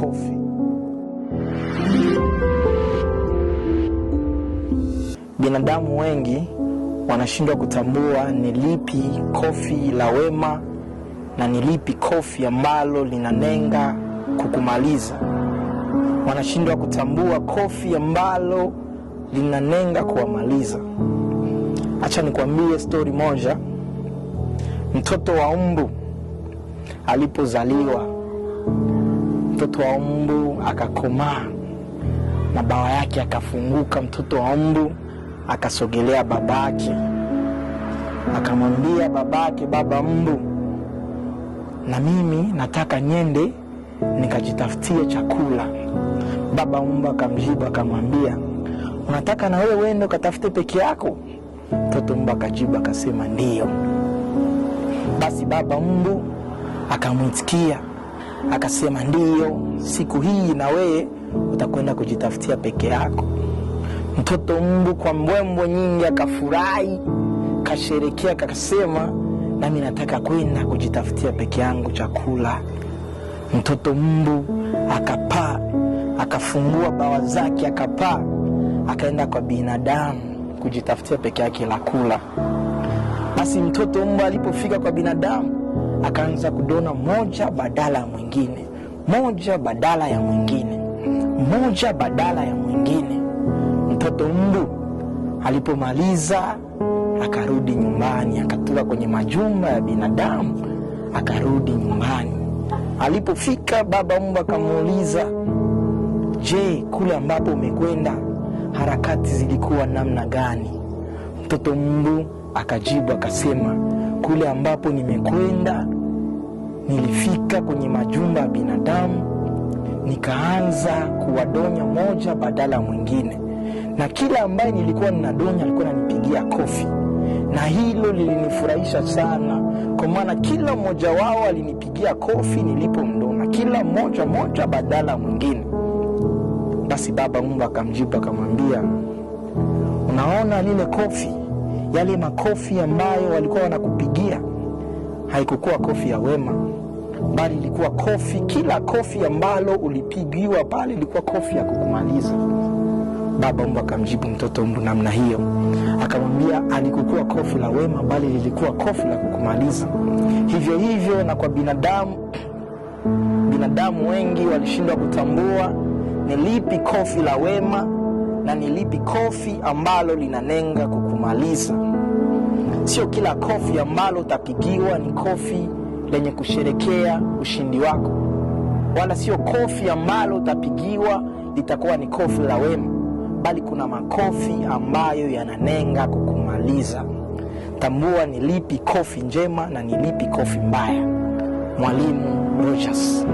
coffee. Binadamu wengi wanashindwa kutambua ni lipi kofi la wema na ni lipi kofi ambalo linanenga kukumaliza. Wanashindwa kutambua kofi ambalo linanenga kuwamaliza. Acha nikwambie stori moja. Mtoto wa mbu alipozaliwa mtoto wa mbu akakomaa, mabawa yake akafunguka. Mtoto wa mbu akasogelea babake, akamwambia babake, baba mbu, na mimi nataka nyende nikajitafutie chakula. Baba mbu akamjibu akamwambia, unataka na wewe uende ukatafute peke yako? Mtoto mbu akajibu akasema, ndiyo. Basi baba mbu akamwitikia Akasema ndiyo, siku hii na wewe utakwenda kujitafutia peke yako. Mtoto mbu kwa mbwembo nyingi akafurahi, kasherekea, kakasema nami nataka kwenda kujitafutia peke yangu chakula. Mtoto mbu akapaa, akafungua bawa zake, akapaa, akaenda kwa binadamu kujitafutia peke yake la kula. Basi mtoto mbu alipofika kwa binadamu akaanza kudona moja badala ya mwingine, moja badala ya mwingine, moja badala ya mwingine. Mtoto mbu alipomaliza akarudi nyumbani, akatoka kwenye majumba ya binadamu akarudi nyumbani. Alipofika baba mbu akamuuliza, je, kule ambapo umekwenda harakati zilikuwa namna gani? Mtoto mbu akajibu akasema kule ambapo nimekwenda, nilifika kwenye majumba ya binadamu, nikaanza kuwadonya moja badala mwingine, na kila ambaye nilikuwa ninadonya alikuwa ananipigia kofi, na hilo lilinifurahisha sana, kwa maana kila mmoja wao alinipigia kofi nilipomdona, kila mmoja moja badala mwingine. Basi Baba Mungu akamjibu akamwambia, unaona lile kofi yale makofi ambayo walikuwa wanakupigia haikukuwa kofi ya wema, bali ilikuwa kofi, kila kofi ambalo ulipigiwa pale ilikuwa kofi ya kukumaliza. Baba mbwa akamjibu mtoto mbu namna hiyo, akamwambia alikukuwa kofi la wema, bali lilikuwa kofi la kukumaliza. Hivyo hivyo na kwa binadamu, binadamu wengi walishindwa kutambua ni lipi kofi la wema na ni lipi kofi ambalo linanenga kukumaliza. Sio kila kofi ambalo utapigiwa ni kofi lenye kusherekea ushindi wako, wala sio kofi ambalo utapigiwa litakuwa ni kofi la wema, bali kuna makofi ambayo yananenga kukumaliza. Tambua ni lipi kofi njema na ni lipi kofi mbaya. Mwalimu Rogers.